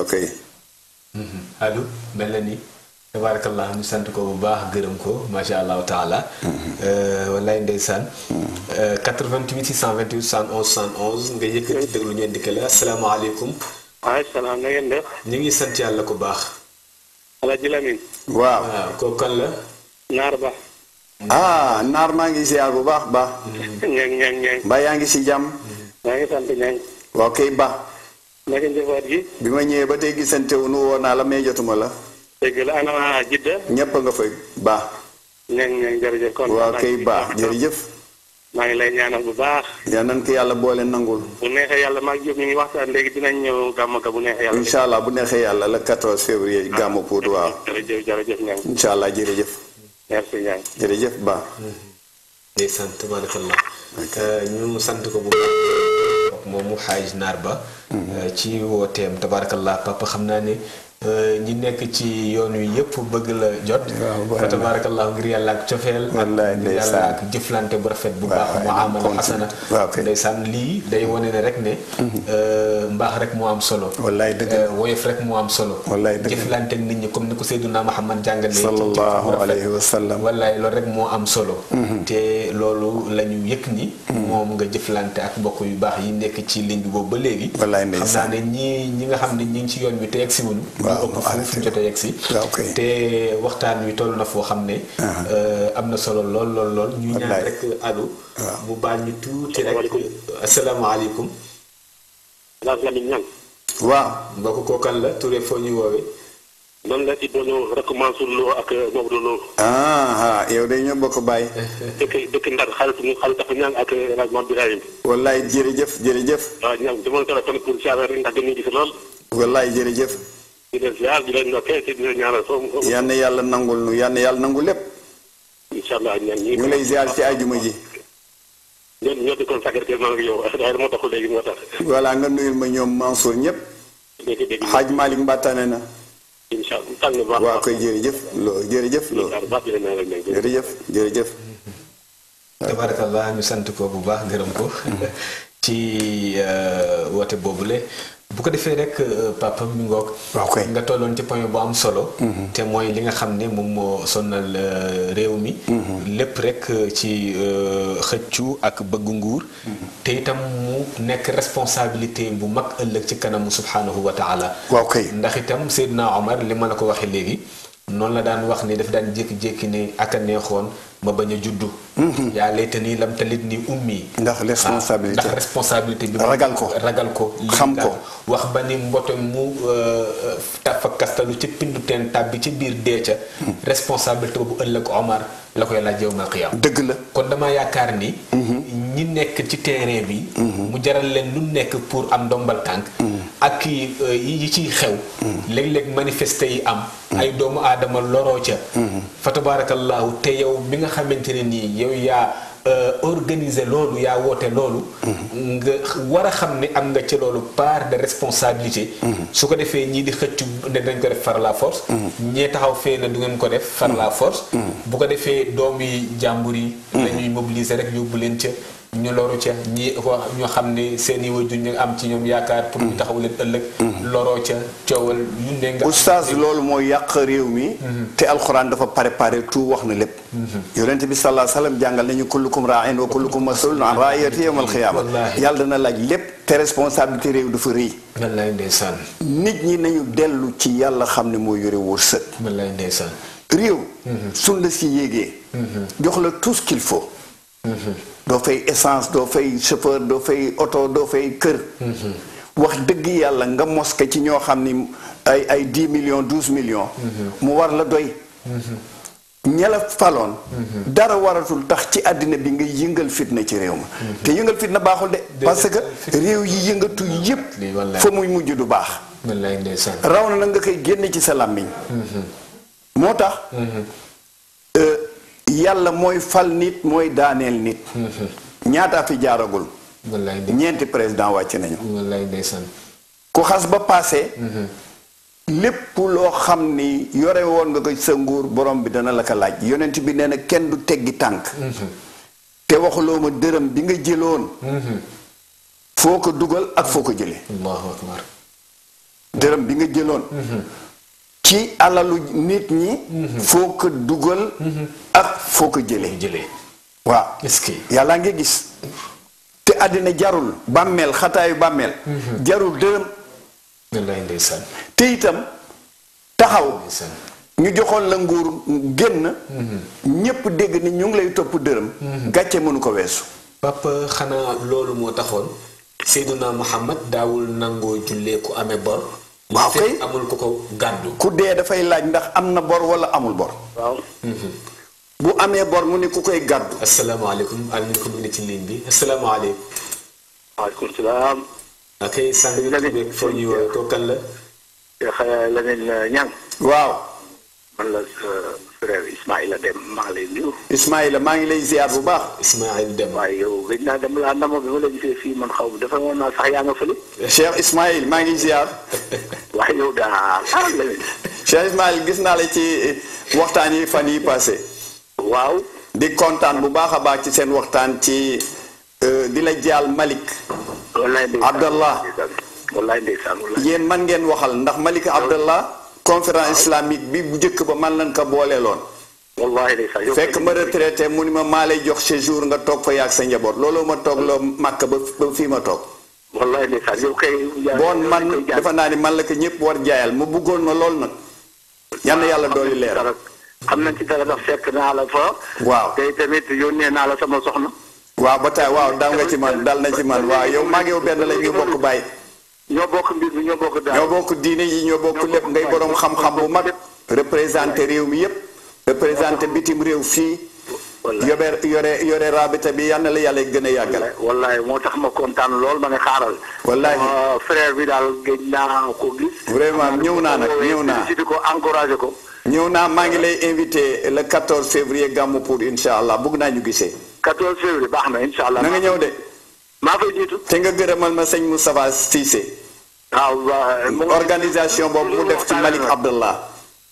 ok. Hmm. allo mel na ni tabaarakallah ñu sant ko bu baax gërëm ko macha allahu taala. Hmm. Euh, wallaay ndeysaan. 88 628 71 71 nga yëkkati déglu ñu indi la asalaamaaleykum. waaleykum salaam na ngeen ñu ngi sant yàlla ku baax. Alaaji Lamin waaw kooku kan la naar ba ah naar maa ngi ziar bu baax ba ñang ñang ñang ba yaa ngi si jàmm maa ngi sant ñang waaw kay ba naka njaboot gi bi ma ñëwee ba tey gisante wu nu woo naa la mais jotuma la dëgg la ana nga fay ba ñang ñang jërëjëf kon waaw kay ba jërëjëf maa ngi lay ñaanal bu baax. yal nañ ko yàlla boole nangul. bu neexee yàlla maa ngi jóg ñu ngi waxtaan léegi dinañ ñëw gàmm ka bu neexee yàlla. incha allah bu neexee yàlla le 14 février ah. gàmm Pout waaw. jërëjëf jërëjëf Niang. incha allah jërëjëf. jëf Niang. jërëjëf Ba. di sant tabarakallah euh, ñu sant ko bu baax. moomu xaaj naar ba. Mm-hmm. Euh, ci wooteem tabarakallah papa xam naa ni Euh, ñi nekk ci yoon wi yëpp bëgg la jot. fa tabarakallahu ngir yàlla ak cofeel. wallaay ndeysaan yàlla ak jëflante bu rafet bu baax. mu amala xasana. waaw kay ndeysaan lii day wone ne rek ne. Mhm. Euh, mbaax rek moo am solo. wallaay dëgg la euh, woyof rek moo am solo. wallaay dëgg jëflante nit ñi comme ni ko Seydina Muhammad jàngalee. sallallahu alayhi wa sallam wallaay loolu rek moo am solo. Mhm. te loolu lañu yëkk yëg ni. Mhm. moom nga jëflante ak mbokk yu baax yi nekk ci ligne bi boobu ba léegi. wallaay ndeysaan xam naa ne ñii ñi nga xam ne ñi ngi ci yoon bi te egg si wuñu waaw mu arrêté fu te waxtaan wi toll na foo xam ne. Uh-huh. Euh, am na solo lool lool lool. ñu ñaan rek allo. waaw mu baal ñu tuuti rek. asalaamaaleykum. waaw. mbokk kookan la Touré foo ñuy woowee. man la Ibou Lo rek Mansour Lo ak Maodo Lo. ah ah yow de ñoo bokk bàyyi. dëkk dëkk Ndar xarit mu xarit ak ñaan ak rajo Mame Birahim. wallaay jërëjëf jërëjëf. waaw ñaan dama la ko si affaire yi ndax dañuy di leen ziar na yàlla nangul nu yal na yàlla nangul lépp. incha allah ñu ngi lay ziar ci ajuma ji. ñoo nga nuyul ma ñoom Mansour ñëpp. dégg dégg xaaj Malick Mbattane na. incha allah tànn baax waaw koy jërëjëf loo jërëjëf loo. ñu sant ko bu baax gërëm ko. Mm-hmm. ci euh, woote boobule. bu ko defee rek euh, papa mi ngoog ah, nga tolloon ci point bu am solo mhm. te mooy li nga xam ne moom moo sonal euh, réew mi mhm. lépp rek euh, ci xëccu ak bëgg nguur mhm. te itam mu nekk responsabilité bu mag ëllëg ci kanamu subhaanahu wa taala waaw kay ndax itam Seydina Omar li ma la ko waxee léegi noonu la daan wax ni daf daan jékki-jékki ne ak a neexoon ma bañ a juddu. Mhm. yaa layta nii lam talit nii ummi. ndax responsabilité ah, ndax responsabilité bi. ragal ko ragal ko. xam ko wax ba ni mbote mu euh, tafakastalu ci pindu teen tab bi ci biir dee ca. Hmm. responsabilité boobu ëllëg Omar la koy laaj yow ma xiyam. dëgg la kon damay yaakaar ni. Mhm. ñi nekk ci terrain bi. Mhm. mu jaral leen lu nekk pour am ndombal tànk. ak euh, yi ciy xew. léeg-léeg manifester yi am. ay doomu aadama loroo ca. fa tabaarakallaahu te yow bi nga xamante ne nii yow yaa euh, organiser loolu yaa woote loolu. nga war a xam ni am nga ci loolu part de responsabilité. su ko defee ñii di xëcc ne dañ ko def far la force. ñee taxaw fee na du ngeen ko def par la force. bu ko defee doom yi jàmbur yi. la mm-hmm. ñuy mobiliser rek yóbbu leen ca. ñu loru ca ñi ñu xam ne seen i wajur ñu am ci ñoom yaakaar pour ñu mm. taxaw leen ëllëg mm. loroo ca coowal ñu loolu mooy yàq réew mi mm-hmm. te alxuraan dafa préparé tout wax na lépp mm-hmm. yonent bi sallallahu alayhi wa jàngal nañu kullukum ra'in wa kullukum mas'ulun an ra'iyati yawmal qiyaama yàlla na laaj lépp te responsabilité réew dafa rëy wallaay ndeysaan nit ñi nañu dellu ci yàlla xam ne moo yore wërsëg wallaay ndeysaan réew mm-hmm. suñ la si yéegee jox la tout ce doo fay essence doo fay chauffeur doo fay oto doo fay kër. wax dëgg yàlla nga moske ci ñoo xam ni ay ay dix millions dous million mu war la doy. ña faloon. dara waratul tax ci àddina bi nga yëngal fitna ci réew ma. te yëngal fitna baaxul de. parce que réew yi yëngatu yépp fa muy mujj du baax. raw na nga koy génne ci sa làmmiñ mhm. moo tax. Mhm. yàlla mooy fal nit mooy daaneel nit. ñaata fi jaaragul. ñeenti président wàcc nañu. ku xas ba paase. Mhm. lépp loo xam ni yore woon nga ko sa nguur borom bi dana la ko laaj yonent bi nee na kenn du teggi tànk. Mhm. te waxuloo ma dërëm bi nga jëloon. Mhm. foo ko dugal ak foo ko jëlee. dërëm bi nga jëloon. ci alalu nit ñi. Mhm. foo ko dugal. Mhm. ak foo ko jëlee. jëlee waaw. yàlla nga gis. te àddina jarul bàmmeel xataayu bàmmeel. Mhm. jarul dërëm. wallaay te itam taxaw. ñu joxoon la nguur génn. ñépp dégg ni ñu ngi lay topp dërëm. gàcce mënu ko weesu. papa xanaa loolu moo taxoon. Seydina Muhammad daawul nangoo jullee ku bor. waaw kay amul ko ko gàddu. ku dee dafay laaj ndax am na bor wala amul bor. waaw. Mhm. bu amee bor mu ne ku koy gàddu. asalaamaaleykum am na ko mu ne ci ligne bi asalaamaaleykum. waaleykum ñu ngi euh, waaw. man la euh, frère Ismaïla Dem maa ngi lay nuyu. maa ngi lay ziar bu baax. Ismaïla Dem waaye yow gëj dem laa nama bi fii man xaw ma dafa woon naa sax yaa nga fële. Cheikh maa ngi ziar. waaye yow daa xaaral la Cheikh gis naa la ci waxtaan yi fan yi passé. di kontaan bu baax a baax ci seen waxtaan ci euh, di la jaal Malick. wallaay ndeysaan Abdallah. wallaay man ngeen waxal ndax Malick Abdallah. conférence islamique bi bu njëkk ba man lan ko booleeloon. wallaahi de fekk ma retraité mu ni ma maa lay jox séjour nga toog fa yaag sa njaboot looloo ma toog loo màkk ba ba fii ma toog. wallaahi de yow kay. man dafa naa ni man la ko ñëpp war jaayal mu buggoon ma lool nag. yal na yàlla dooli leer xam nañ ci dara ndax fekk naa la fa. waaw tey tamit yónnee naa la sama soxna. waaw ba taa waaw dal nga ci man dal na ci man waaw yow maa ngi yow benn lañ bokk bàyyi. ñoo bokk mbir mi ñoo bokk daal ñoo bokk diine yi ñoo bokk lépp ngay borom xam-xam bu mag représenté réew mi yépp représenté bitim réew fii yore yore yore rabita bi yal na la yàlla gën a yàggal wallaay moo tax ma kontaan lool ma ne xaaral wallaay frère bi daal géej naa ko vraiment ñëw naa nag ñëw naa di ko encouragé ko ñëw naa maa ngi lay invité le 14 février gàmmu pour incha allah bëgg naa ñu gisee 14 février baax na incha allah na nga ñëw de maa koy jiitu. te nga gërëmal ma sëñ Moustapha Cissé. waaw organisation boobu mu def ci Malick Abdallah.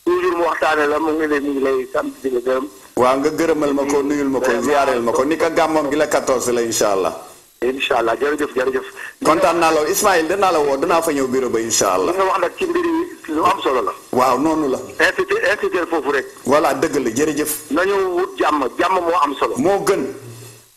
toujours mu waxtaane la mu ngi mu ngi lay sant waaw nga gërëmal ma ko nuyul ma ko ziareel ma ko ni ko gàmmoom gi la 14 la incha allah. incha allah jërëjëf jërëjëf. kontaan naa loolu Ismaïl danaa la woo danaa fa ñëw bureau ba incha allah. li nga am solo la. waaw noonu la. incité incité foofu rek. voilà dëgg la jërëjëf. nañu wut jàmm jàmm moo am solo. moo gën.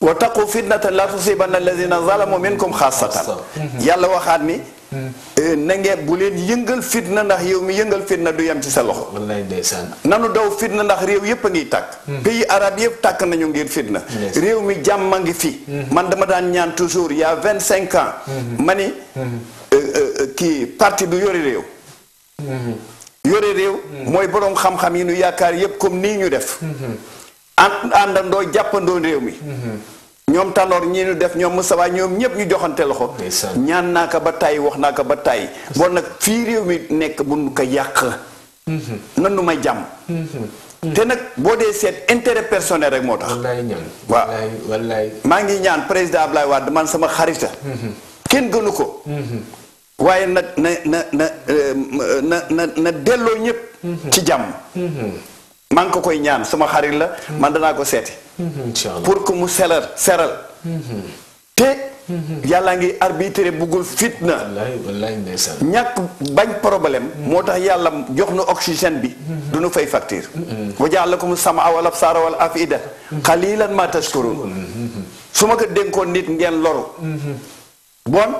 wa taqu fitnatan la tusibanna alladina zalamu minkum xaasatan yàlla waxaat ni mm. eh, na bu leen yëngal fitna ndax yow mi yëngal fitna du yem ci sa loxo nanu daw fitna ndax réew yépp a ngiy tàkk mm. pays arabe yëpp tàkk nañu ngir fitna réew mi jàmm a ngi fi mm. man dama daan ñaan toujours y a vingt cinq ans mm-hmm. ma ni mm-hmm. eh, eh, kii parti du yore réew mm-hmm. yore réew mooy borom xam-xam yi nu yaakaar yépp comme nii ñu def ànd àndandoo jàppandoo réew mi. ñoom tanoor ñi ñu def ñoom Moustapha ñoom ñëpp ñu joxante loxo. ñaan naa ko ba tàyyi wax naa ko ba tàyyi. bon nag fii réew mi nekk bu nu ko yàq. Mm-hmm. nan nu may jàmm. Mm-hmm. te nag boo dee seet intérêt personnel rek moo tax. waaw maa ngi ñaan président Ablaye Wade man sama xarita mm-hmm. kenn gënu ko. waaye nag na na na na na delloo ñëpp. ci jàmm. man ko koy ñaan suma xarit la man danaa ko seeti pour que mu selal seral te yàlla ngi arbitre buggul fitna ñàkk bañ problème moo tax yàlla oxygène bi du nu fay facture wa sama wal absaara wal afida qalilan ma tashkurun Suma ma ko ngian nit ngeen loru bon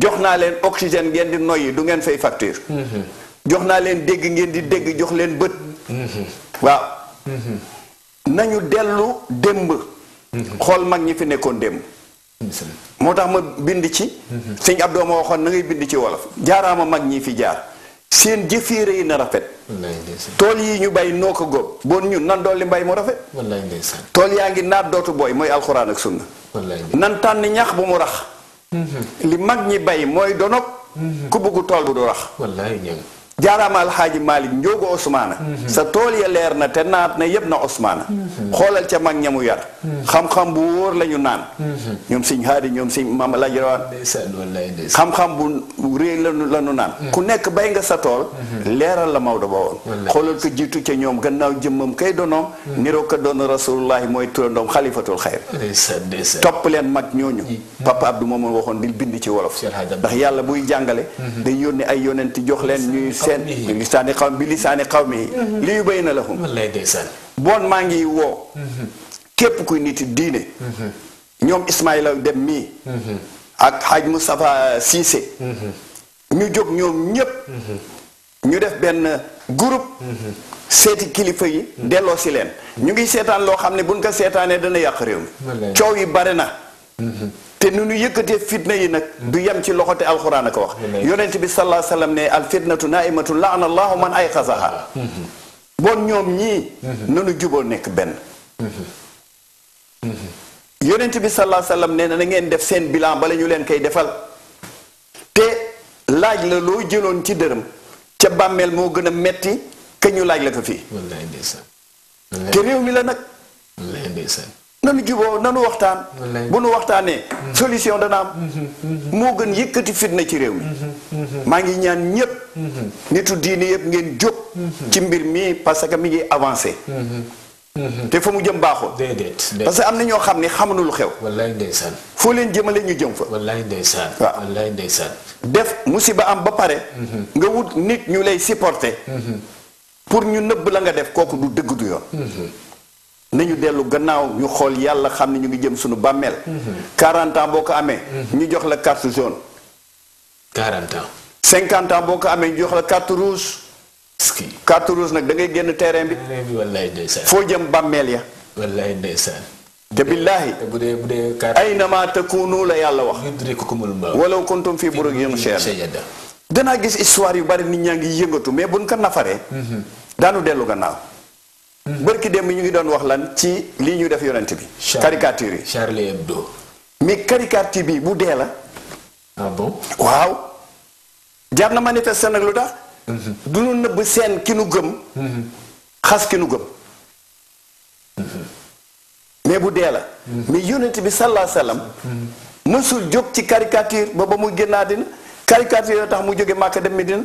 jox len leen oxygène ngeen di noyyi du ngeen fay facture mhm. jox naa leen ngeen di deg, jox leen waaw nañu dellu démb xool mag ñi fi nekkoon démb moo tax ma bind ci sëñ ab ma waxoon na bind ci wolof jaaraama mag ñi fi jaar seen jëfeere yi na rafet tool yi ñu bay noo ko góob bon ñun nan dool li mbay mu rafet tool yaa ngi naat dootu booy mooy alxuraan ak sunna nan tànn ñax bu mu rax mhm. li mag ñi bay mooy donog mhm. ku bëggu tool bu du rax jaaraama alxaaji Malick njóogu Osmaana mhm. sa tool ya leer na te naat na yépp na Osmaana mhm. xoolal ca mag ñamu yar mhm. xam-xam bu wóor lañu naan ñoom siñ haadi ñoom siñ maam laaj rawaan xam-xam bu réy lanu la ñu naan ku nekk bay nga sa tool leeral la Maodo ba woon xoolal ko jiitu ca ñoom gannaaw jëmmam kay donoom niroo ko doon rasulullahi mooy turandoom xalifatul xayr topp leen mag ñooñu papa Abdou moom waxoon di bind ci wolof ndax yàlla buy jàngale day yónni ay yonent jox leen seen bi lisaani xaw mi bi lisaani xaw mi mhm. li yu bay na la xum bon maa ngi woo mhm. képp kuy nit diine mhm. ñoom Ismaïla dem mii ak Hadj Moustapha Cissé ñu jóg ñoom ñépp ñu def benn groupe seeti kilifa yi delloo si leen ñu ngi seetaan loo xam ne buñ ko seetaanee dana yàq réew mi coow yi bare na te nu ñu yëkkatee fitna yi nag du yem ci loxo te alxuraan a ko wax yonent bi sallallahu alayhi wa sallam ne al fitnatu naaimatu laana man ay xasaha mm-hmm. bon ñoom ñii mm-hmm. nanu juboo nekk benn mm-hmm. yonent bi sallallahu alayhi wa sallam ne na ngeen def seen bilan bala ñu leen koy defal te laaj la loo jëloon ci dërëm ca bàmmeel moo gën a metti ka ñu laaj la ko fii te réew mi la nag nanu juboo nanu waxtaan bu nu waxtaanee mm-hmm. solution dana am mm-hmm. moo gën yëkkati fitna ci réew mi mm-hmm. maa ngi ñaan ñépp nitu diine yëpp ngeen jóg ci mbir mii parce que mi ngi avancé te fa mu jëm baaxul déedéet parce que am na ñoo xam ne xamuñu lu xew wallaay foo leen jëmale ñu jëm fa wallaay ndeysaan waaw wallaay ndeysaan def musiba am ba pare nga wut nit ñu lay supporter pour ñu nëbb la nga def kooku du dëgg yoon nañu dellu gannaaw ñu xool yàlla xam ne ñu ngi jëm suñu bàmmeel. 40 ans boo ko amee. ñu jox la carte jaune. 40 ans. 50 ans boo ko amee ñu jox la carte rouge. carte rouge nag dangay génn terrain bi. foo jëm bàmmeel ya. wallaay ndeysaan. te billaahi. bu dee bu dee carte ay namaa takunu la yàlla wax. walaw kuntum fii burujin mushayyada danaa gis histoire yu bari nit ñaa ngi yëngatu mais bu buñ ko nafaree. Mhm. daanu dellu gannaaw. bërki démb ñu ngi doon wax lan ci lii ñu def yonent bi. caricature yi Charlie Hebdo. mais bi bu dee la. Ah waaw. jaar na manifester nag lu tax. Mhm. du nu nëbb seen ki nu gëm. Mhm. xas ki nu gëm. Mhm. mais bu dee la. mi yonent bi sallaa sallam. mësul jóg ci caricature ba ba mu génnaa dina caricature yoo tax mu jóge Màkka dem Medina.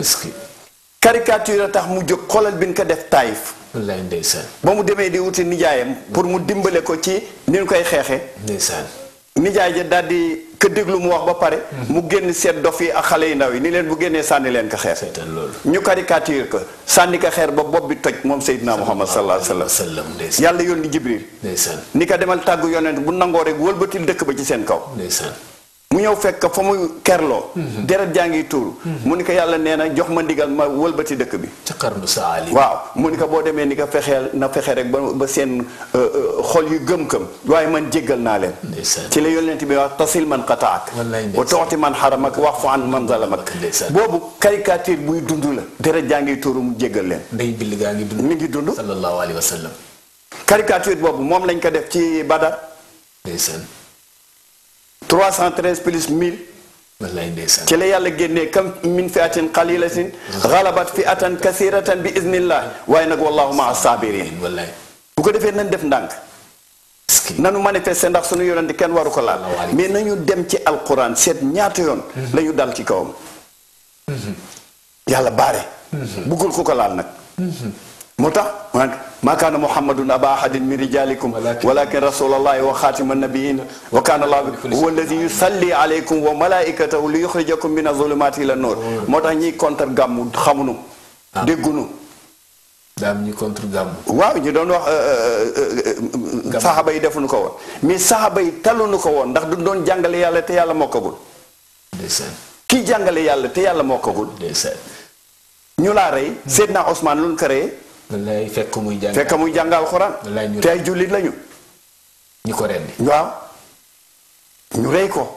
est caricature a tax mu jóg xoolal bi nu ko def taayif. wallaay ndeysaan. ba mu demee di wuti nijaayam. pour mu dimbale ko ci ni nu koy xeexee ndeysaan. nijaay ja daal di ko déglu mu wax ba pare. Mhm. mu génn seet dof yi ak xale yu ndaw yi ni leen bu génnee sànni leen ko xeer. ñu caricature ko sànni ko xeer ba bopp bi toj moom Seydina Muhammad sa alayhi wa sallam. yàlla yónni Jibril. ni ko demal tàggu yonent bu nangoo rek wëlbatil dëkk ba ci seen kaw. mu ñëw fekk fa muy kerloo mhm. deret jaa ngi tuuru mhm. mu ni ko yàlla nee na jox ma ndigal ma wëlbati dëkk bi ca xarnu saali waaw mu ni ko boo demee ni ko fexeel na fexe rek ba ba seen euh, euh, xol yu gëm-gëm waaye man jéggal naa leen ci la yoon yonent bi wax tasil man xataak wa toxti man xaramak wax fu an man zalamak boobu caricature buy dund la deret jaa ngi tuuru mu jéggal leen day bill ngi dund mi ngi dund sallallahu alayhi wa sallam caricature boobu moom lañ ko def ci badar 313 plus 1000. wallaay ndeysaan ci la yàlla génnee kam min fi atin qalilatin xalabat fi atan kasiratan bi iznillah waaye nag wallahu maa sabirin bu ko defee nañ def ndànk nanu manifester ndax su suñu yonente kenn waru ko laal mais nañu dem ci alquran seet ñaata yoon mhm. la dal ci kawam mhm. yàlla baare mhm. gul ku ko laal nag موتاخ ما كان محمد ابا احد من رجالكم ولكن رسول الله وخاتم النبيين وكان الله هو الذي يصلي عليكم وملائكته ليخرجكم من الظلمات الى النور موتاخ ني كونتر غام خمنو ديغنو دام ني كونتر غام واو ني دون واخ صحابه يي دافنو كو مي صحابه يي تالو نكو وون داخ دون جانغال يالا تي يالا موكو غول كي جانغال يالا تي يالا موكو غول ديسن ني لا ري سيدنا عثمان لون كاري lay fekk muy jàng fekk muy jàng alxuraan. te ay jullit lañu. ñu ko rendi waaw ñu rey ko.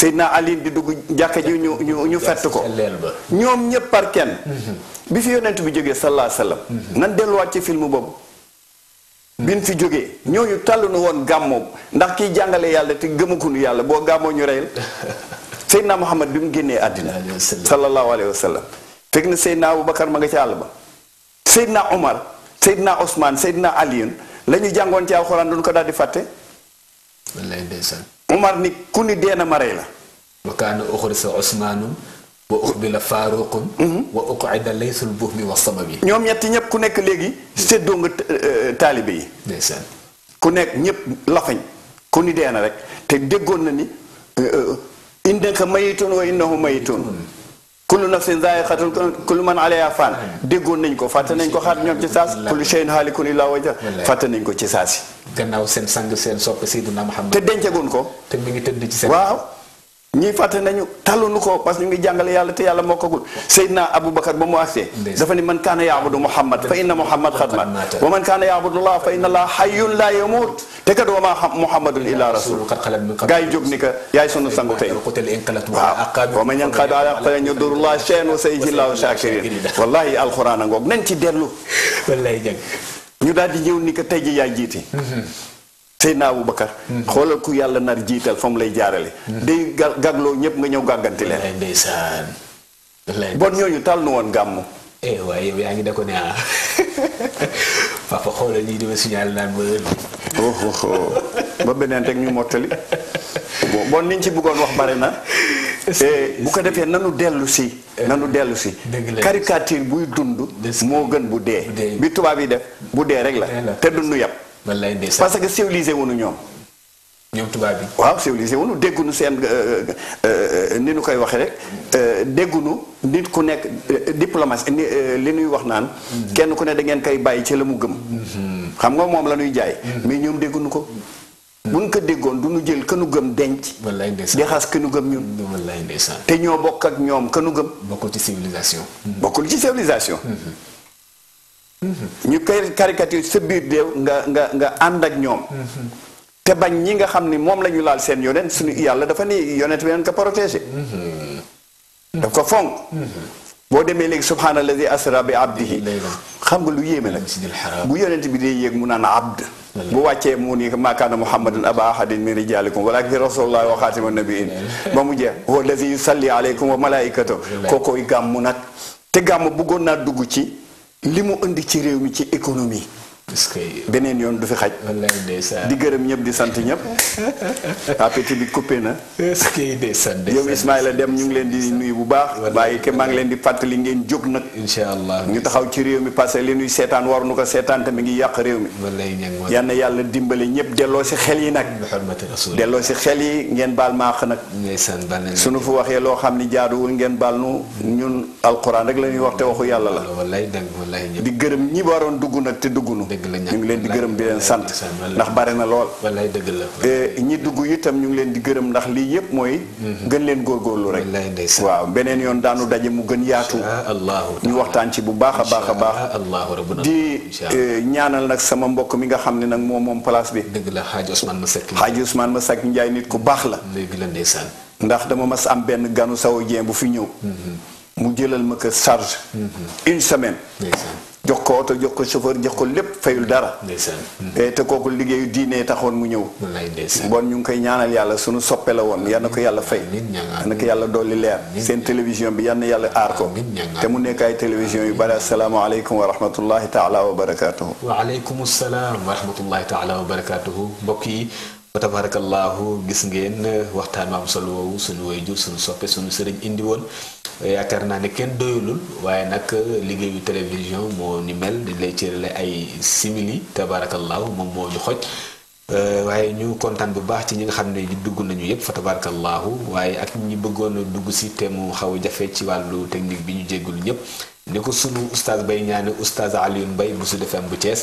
Seydina Aliin di dugg jàkka ji ñu ñu ñu fett ko ñoom ñëpp par kenn. Mhm. bi fi yonent bi jógee sallallahu alayhi mhm. nan delluwaat ci film boobu. Mhm. bin fi jógee ñooñu tàll nu woon gàmmoo ndax kiy jàngale yàlla te gëmakunu yàlla boo gàmmoo ñu reyal Seydina Muhammad bi mu génnee àddina. sallallahu alayhi wa sallam fekk na Seydina Abubakar ma nga ci àll ba. Seydina Omar Seydina Ousmane Seydina Aliyun la ñu jàngoon ci alxuraan duñ ko daal di fàtte. wallaay ni ku ni dee na ma rey la. wa kaana uxrisa Ousmaanum wa uxbila Faaruqum mhm. wa uqida laysul buhmi wa sababi. ñoom ñetti ñëpp ku nekk léegi séddoo nga euh, taalibe yi. ku nekk ñëpp lafañ ku ni dee na rek te déggoon na ni. Euh, euh, indaka mayitun wa innahu mayitun hmm. kullu nafsin zaa'iqatul kullu man alayha fan déggoon nañ ko fàtte nañ ko xaat ñoom ci saas kullu shay'in haalikun illaa wajha fàtte nañ ko ci saasi gannaaw seen sang seen sopp Seydina Muhammad te ko te mi ngi tëdd ci seen waaw ñuy fàtte nañu tàllunu ko parce que ñu ngi jàngale yàlla te yàlla mokkagul Seydina Aboubacar ba mu agsee dafa ni man kaana yaabudu Muhammad fa inna Muhammad xad maata wa man kaana yaabudu llah fa inna allah hayyun laa yamuut te kat wa maa Muhammadun illaa rasul gaa yi jóg ni que yaay sunu sangu tey waaw wa man yanqalib alaa aqaabihi falan yadurra llaaha shay'an wa sayajzi llaahu shaakiriin ngoog nañ dellu ñu daal di ni que tey ji yaay jiite mm-hmm. naawu Seydina Aboubacar. xoolal ku yàlla nar jiital fa lay jaarale. day ga gagloo ñëpp nga ñëw gàgganti leen. ndeysaan. bon ñooñu tàll nu woon gàmmu. Eh, waaye yaa ngi da ko ne ah papa xoolal ñii di ma signal naan ma oh, oh, oh. ba beneen rek ñu mottali. bon niñ ci bëggoon wax bari na. Eh, bu ko defee nanu dellu si eh, nanu dellu si caricature buy dund moo gën bu dee bi tubaab yi def bu dee rek la te dund yàpp wallaay ndeysaan parce que civilisé wunu ñoom. ñoom tubaab bi. waaw civilisé wunu déggunu seen euh, euh, euh, ni nu koy waxee rek mm. déggunu nit ku nekk diplomatie li nuy wax naan. Mm. kenn ku ne da ngeen koy bàyyi ci la mu gëm. Mm-hmm. xam nga moom la ñuy jaay. Mm. mais ñoom déggunu ko. buñ ko déggoon du ñu jël kënu gëm denc. wallaay ndeysaan di xas kënu gëm ñun. wallaay ndeysaan te ñoo bokk ak ñoom kënu gëm. bokkul ci civilisation. Mm-hmm. bokkul ci civilisation. Mm-hmm. ñu koy caricature sa biir déew nga nga nga ànd ak ñoom te bañ ñi nga xam ni moom la ñu laal seen yonent suñu yàlla dafa ni yonent bi neen ko protégé daf ko fonk boo demee léegi subhaanallazi asra bi abdihi xam nga lu yéeme nag bu yonent bi dee yéeg mu naan abd bu wàccee mu ni maakaana muhammadan aba ahadin min rijalikum walakin rasulullah wa xaatima nabiin ba mu jeex huwa allazi yusalli aleykum wa malaikatu kookooy gàmmu nag te gàmm buggoon naa dugg ci li mu indi ci réew mi ci économie beneen yoon du fi xaj di gërëm ñëpp di sant ñëpp appétit bi coupé na yow Ismaïla Dem ñu ngi leen di nuyu bu baax bàyyi ke maa ngi leen di fàttali ngeen jóg nag incha allah ñu taxaw ci réew mi parce que li nuy seetaan war nu ko seetaan te mi ngi yàq réew mi yal na yàlla dimbale ñëpp delloo si xel yi nag delloo si xel yi ngeen baal maax nag suñu fu ni jaaduwul ngeen bal nu ñun alquran rek la ñuy wax di gërëm ñi waron dugg nag te ñu ngi leen di gërëm di leen sant ndax bare na lool ñi dugg itam ñu ngi leen di gërëm ndax lii yëpp mooy mm-hmm. gën leen góorgóorlu rek waaw beneen yoon daanu daje mu gën yaatu ñu waxtaan ci bu baax a baax a baax di eh, ñaanal nag sama mbokk mi nga xam ne nag moom moom place bi xaaji ma Masek Njaay nit ku baax la ndax dama mas am benn ganu saoudien bu fi ñëw mm-hmm. mu jëlal ma ko charge mm-hmm. une semaine jox ko oto jox ko chauffeur jox ko lépp fayul dara. Eh, te kooku liggéeyu diine taxoon mu ñëw. bon ñu ngi koy ñaanal yàlla sunu soppe la woon yal ko yàlla fay. yal na ko yàlla dolli leer. seen télévision bi yal yàlla aar ko. te mu nekk ay télévision yu bari asalaamaaleykum wa rahmatullahi taala wa barakaatuhu. waaleykum salaam wa rahmatullahi taala barakaatuhu mbokk yi. ba tabarakallahu gis ngeen eh, waxtaan maam solo woowu suñu waajur suñu soppee suñu sëriñ indi woon eh, yaakaar naa ne kenn doyalul waaye nag eh, liggéeyu télévision moo ni mel di lay cërale ay simili tabarakallahu moom moo ñu xoj waaye ñu kontaan bu baax ci ñi nga xam ne dugg nañu yëpp fa tabarakallahu waaye ak ñi bëggoon a dugg si te mu xaw jafe ci wàllu technique bi ñu jéggul ñëpp ni ko sunu oustaz bay ñaane oustaz Alioune Mbaye bu Sud FM bu Thiès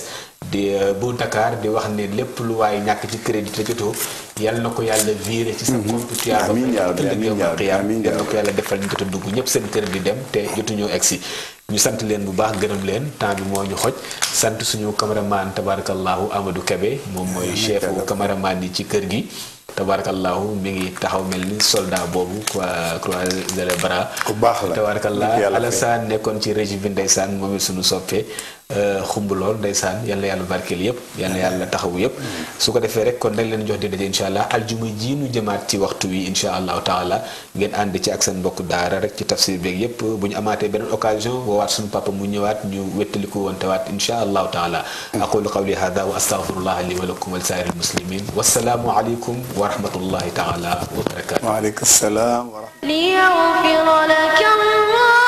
di euh, bu ndakaar di wax ne lépp lu waaye ñàkk ci crédit te jotoo na ko yàlla viré ci sa mhm. compte tuyaaba amiin yal na ko defal ñu jot a dugg ñëpp seen kër di dem te jotuñoo egsi ñu sant leen bu baax gërëm leen temps bi moo ñu xoj sant suñu cameraman tabarakallahu amadu Kebe moom mooy chefu cameraman yi ci kër gi tabarakallahu mi ngi taxaw mel ni soldat boobu croiser les bras ku baax la tabarakallah Alassane nekkoon ci régime bi ndeysaan moom sunu suñu soppee xumb lool ndeysaan yal na yàlla barkeel yëpp yal na yàlla taxawu yëpp su ko defee rek kon dañ leen jox di daje incha allah aljuma ji nu jëmaat ci waxtu wi incha allahu taala ngeen ànd ci ak seen mbokk daara rek ci tafsir beeg yëpp bu ñu amaatee beneen occasion woowaat suñu papa mu ñëwaat ñu wettaliku wontewaat incha allahu taala aqulu qawli hada wa astaghfirullah li wa lakum wa lisairil muslimin wassalaamu aleykum wa rahmatullahi taala wa barakatuh wa aleykum salaam wa rahmatullah